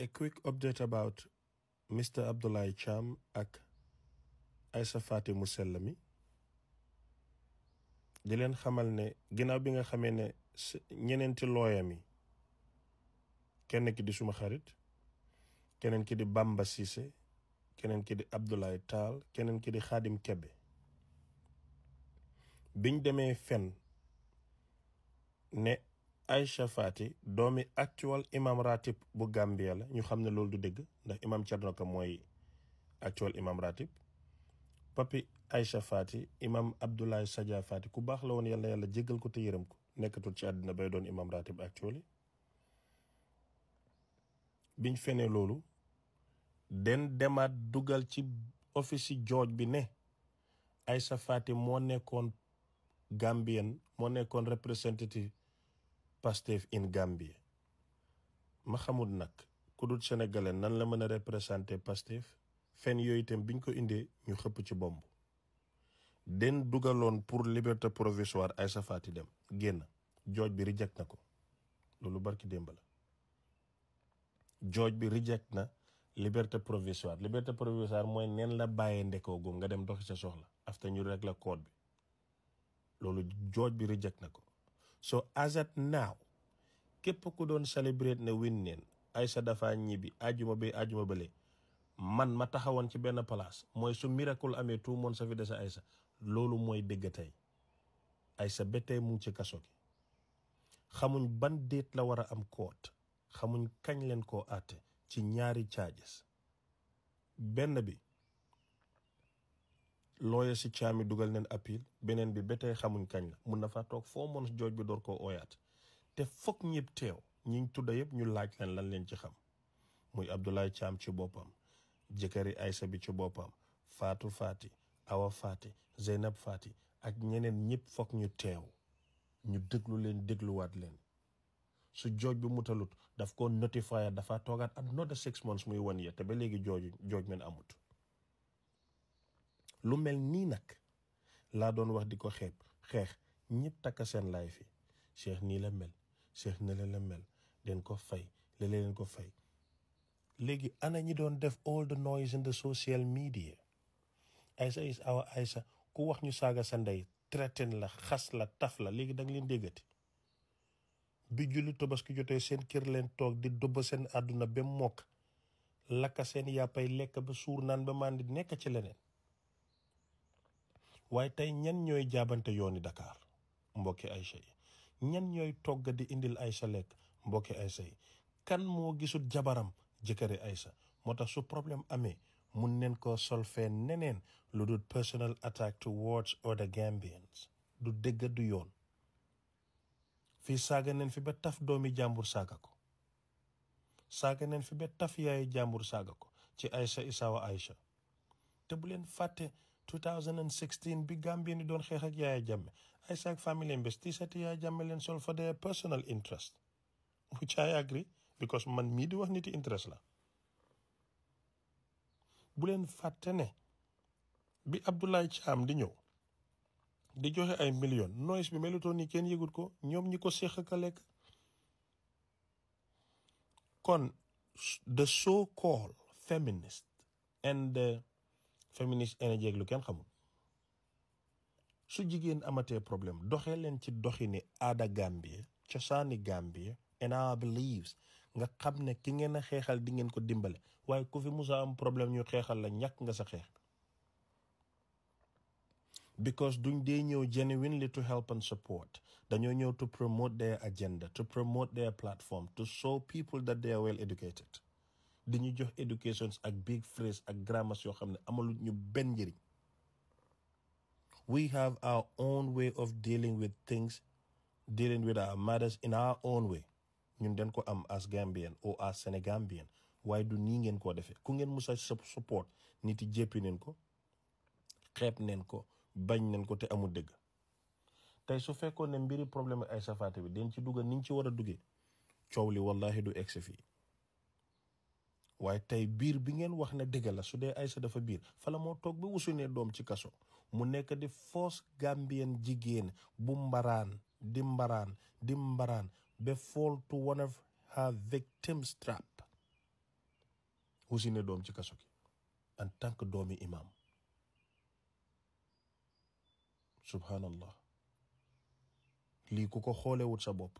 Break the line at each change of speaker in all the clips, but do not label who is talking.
a quick update about Mr Abdoulaye Thiam ak Aïssatou mu sell mi di leen xamal ne ginnaaw bi nga xamee ne ñeneenti looyam mi kenn ki di suma xarit keneen ki di Bamba Cissé keneen ki di Abdoulaye taal keneen ki di xadim Kebe biñ demee fen ne Aïcha Fati doomi actual imam ratib bu Gambia la ñu xam ne loolu du dégg ndax imam Thierno Ka mooy actual imam ratib papi Aïcha Fati imam Abdoulaye Sadia Fati ku baax la woon yàlla yàlla jéggal ko te yërëm ko nekkatul ci àddina bay doon imam ratib actually biñ fenee loolu den demaat dugal ci office jooj bi ne Aïcha Fati moo nekkoon Gambien moo nekkoon représentative Pastef in Gambie ma xamul nag ku dul nan la mën a représenter Pastef fen yooyu bi biñ ko indee ñu xëpp ci bomb den dugaloon pour liberté provisoire ay Fati dem génn jooj bi reject na ko loolu barki démb la jooj bi reject na liberté provisoire liberté provisoire mooy neen la bàyyee ndekoo gum nga dem doxi sa soxla afta ñu rek la code bi loolu jooj bi reject na ko so as at now képp ku doon celebrate ne win ay sa dafa ñibbi ajuma bi ajuma bële man ma taxawoon ci benn place mooy su miracle amee tout le monde sa fi dese Aïssa loolu mooy dëgg tey ay ba tey mu ci kaso gi xamuñ ban déet la war a am koot xamuñ kañ leen ko àtte ci ñaari charges benn bi looya si caami dugal neen appel beneen bi ba tey xamuñ kañ la mun na faa toog foo mën jooj bi door koo ooyaat te foog ñëpp teew ñi ñu tudda yëpp ñu laaj leen lan leen ci xam muy Abdoulaye Thiam ci boppam jëkkëri Aysa bi ci boppam Fatou Fati Awa Fati Zeynab Fati ak ñeneen ñëpp foog ñu teew ñu déglu leen dégluwaat leen su jooj bi mutalut daf ko notifier dafa toogaat at another six months muy wan ya te ba léegi jooju jooj men amut lu mel nii nag laa doon wax di ko xeeb xeex ñépp takk seen laay fi Cheikh nii la mel Cheikh ne la mel den ko fay lele leen ko fay léegi ana ñi doon def all the noise in the social media Aïssa is awa Aïssa ku wax ñu saaga sa ndey traité la xas la taf la léegi da nga leen déggati bi julli tabaski jotee seen kër leen toog di dubba seen àdduna ba mokk lakka seen yàppay lekk ba suur naan ba màndi nekk ci leneen waaye tey ñan ñooy jaabante yooni dakaar mbokki Aïcha yi ñan ñooy togga di indil Aïcha lekk mbokki Aïcha yi kan moo gisul jabaram jëkkëri Aïcha moo tax su problème amee mun neen ko solfee neneen lu dul personal attack towards other Gambians du dëgg du yoon fii saaga neen fi ba taf doomi jàmbur saaga ko saaga neen fi ba taf yaayu jàmbur saaga ko ci Aïcha Isawa Aïcha te bu leen fàtte 2016 bi Gambie ni doon xeex ak Yaya Jammeh ay saak family members T-shirti Yaya Jammeh leen sol for their personal interest which I agree because man mii di wax niti interest la bu leen fàtte ne bi Abdoulaye Thiam di ñëw di joxe ay million noise bi melutoon ni kenn yëgut ko ñoom ñi ko séq ka lekk kon the so-called feminist féministe énergie ak lu kenn xamul su jigéen amatee problème doxee leen ci doxini aada Gambie cosaani Gambie and our beliefs nga xam ne ki ngeen xeexal di ngeen ko dimbale waaye ku fi musa am problème ñu xeexal la ñàkk nga sa xeex because duñ dee ñëw genuinely to help and support dañoo ñëw to promote their agenda to promote their platform to show people that they are well educated dañuy jox educations ak big phrase ak grammars yoo xam ne amalu ñu benn njëriñ we have our own way of dealing with things dealing with our matters in our own way ñun den ko am as Gambian or as Sénégambien waaye du nii ngeen koo defee ku ngeen musa support nit yi jéppi neen ko xeeb neen ko bañ neen ko te amul dëgg tey so fekkoon ne mbiri problème ay safaate bi den ci dugga niñ ci war a duggee coow li wallahi du egsi fii waaye tey biir bi ngeen wax na dëgg su dee ay sa dafa biir fala moo toog ba wusu ne doom ci kaso mu nekk di foos Gambien jigéen bu mbaraan di mbaraan di mbaraan ba fall to one of her victims trap wusu ne doom ci kaso ki en tant que doomi imaam subhanallah lii ku ko xoolewut sa bopp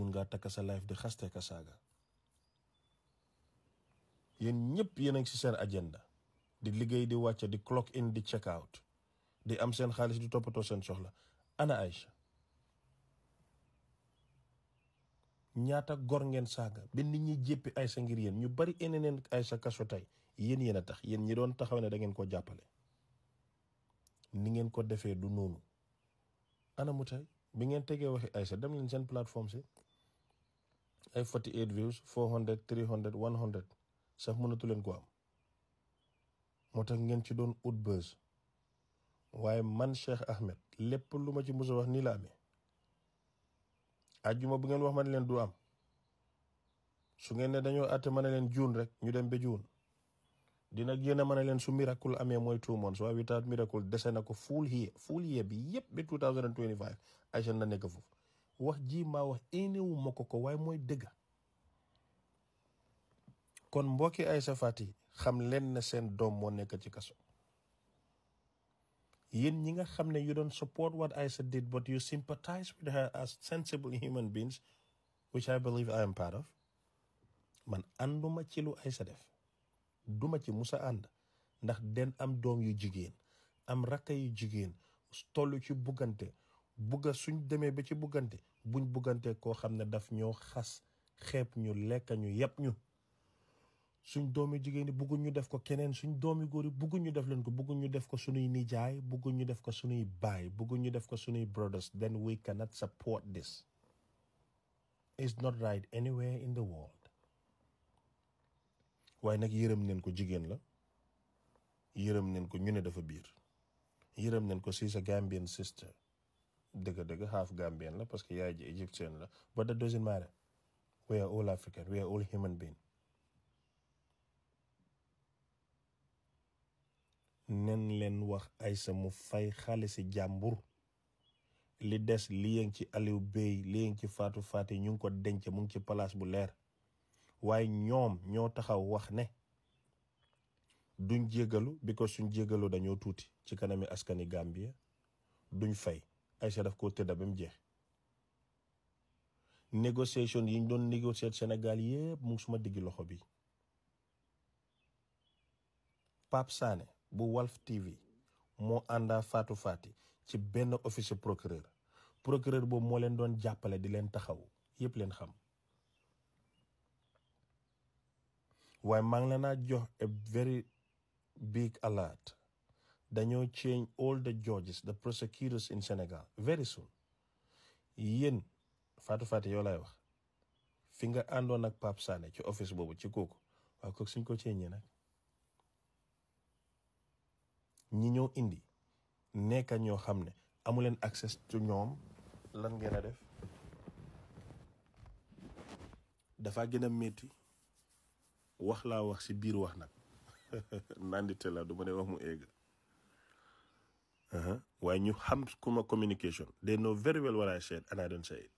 mun ngaa takk sa life di xaste ka yéen ñëpp yéen a ngi si seen agenda di liggéey di wàcce di clock in di check out di am seen xaalis di toppatoo seen soxla ana Aïcha ñaata gor ngeen saaga ba nit ñi jéppi Aïcha ngir yéen ñu bari ene neen Aïcha kaso tey yéen yéen a tax yéen ñi doon taxaw ne da ngeen ko jàppale ni ngeen ko defee du noonu ana mu tey bi ngeen tegee waxi Aïcha dem leen seen plateforme si ay 48 views 400 300 100 sax mënatu leen ko am moo tax ngeen ci doon ut bës waaye man Cheikh Ahmed lépp lu ma ci mos a wax nii la amee ajjuma bu ngeen wax ma leen du am su ngeen ne dañoo àtte ma ne leen juun rek ñu dem ba juun dina génn ma ne leen su miracle amee mooy two months waaye without miracle dese na ko full year full year bi yëpp ba 2025 Aïcha na nekk foofu wax ji maa wax éneewu ma ko ko waaye mooy dëgga kon mbokki Aïssa Fati xam leen na seen doom moo nekk ci kaso yéen ñi nga xam ne yu doon support what Aïssa did but you sympathize with her as sensible human beings which I believe I am part of man ànduma ci lu Aïssa def duma ci musa ànd ndax den am doom yu jigéen am rakka yu jigéen tollu ci buggante bugga suñ demee ba ci buggante buñ buggante koo xam ne daf ñoo xas xeeb ñu lekk ñu yàpp ñu suñ doomi jigéen yi bëgguñ ñu def ko keneen suñ doomi góor yi bëgguñ ñu def leen ko bëgguñ ñu def ko suñuy nijaay bëgguñ ñu def ko suñuy baay bëgguñ ñu def ko suñuy brothers then we cannot support this it's not right anywhere in the world waaye nag yërëm neen ko jigéen la yërëm neen ko ñu ne dafa biir yërëm neen ko si sa Gambian sister dëgg-dëgg half Gambian la parce que yaay ji égyptienne la but that doesn't matter we are all African we are all human being nen leen wax Aïssa mu fay xaalisi jàmbur li des li yëng ci Aliou Bey li yëng ci Fatou Fati ñu ngi ko denc mu ngi ci palaas bu leer waaye ñoom ñoo taxaw wax ne duñ jégalu bi ko suñ jégalu dañoo tuuti ci kanami askani Gambia duñ fay Aïssa daf ko tëdda ba mu jeex négociation yi ñu doon mu suma digg loxo bi Pape Sané bu Walf TV moo àndaa Fatou Fati ci benn officier procureur procureur boobu moo leen doon jàppale di leen taxaw yépp leen xam waaye maa ngi leen a jox a very big alert dañoo change all the judges the prosecutors in Sénégal very soon yéen Fatou Fati yow lay wax fi nga àndoon ak pap Sané ci office boobu ci kooku waaye kooku suñ ko ceeñee nag ñi ñoo indi nekka ñoo xam ne amuleen accès ci ñoom lan ngeen a def dafa gën a métti wax laa wax ci biir wax nag nandite la du ma ne wax mu eeg uh-huh. waaye ñu xam kuma communication they noo very well what I said and I don't say it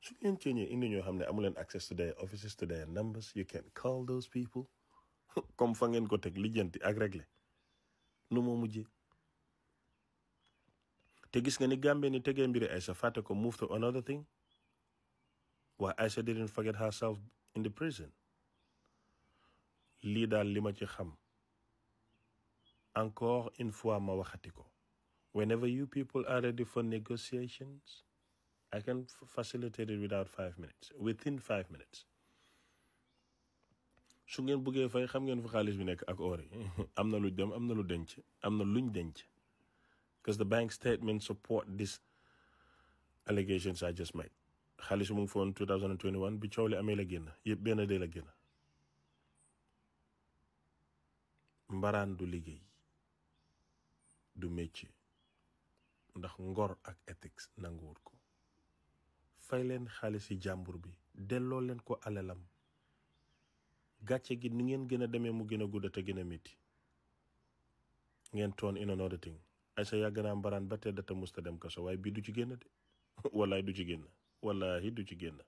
su ngeen ceeñee indi ñoo xam ne amuleen access to their offices to their numbers you can call those people comme fa ngeen ko teg lijjanti ak réglé nu moo mujjee te gis nga ni Gambie ni tegee mbiri Aisha fàtte ko move to another thing waaye Aisha didn't forget herself in the prison lii daal li ma ci xam encore une fois ma waxati ko whenever you people are ready for negotiations I can facilitate it without five minutes within five minutes su ngeen bëggee fay xam ngeen fa xaalis bi nekk ak or yi am na lu dem am na lu denc am na luñ denc because the bank statement support this allegations I just made xaalis bi mu ngi foon 2021 bi coow li amee la génn yëpp benn dee la génn mbaraan du liggéey du métier ndax ngor ak ethics nanguwut ko fay leen xaalis yi jàmbur bi delloo leen ko alalam gàcce gi ni ngeen gën a demee mu gën a gudd te gën a métti ngeen toon in another thing Aysa yàgg naa mbaraan ba tedd te musta dem so waaye bii du ci génn de wallaay du ci génn wallaahi du ci génn